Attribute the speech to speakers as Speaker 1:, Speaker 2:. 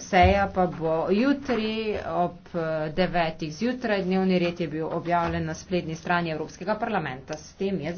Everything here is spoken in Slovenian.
Speaker 1: seja pa bo jutri ob eh, devetih zjutraj. Dnevni red je bil objavljen na spletni strani Evropskega parlamenta. S tem je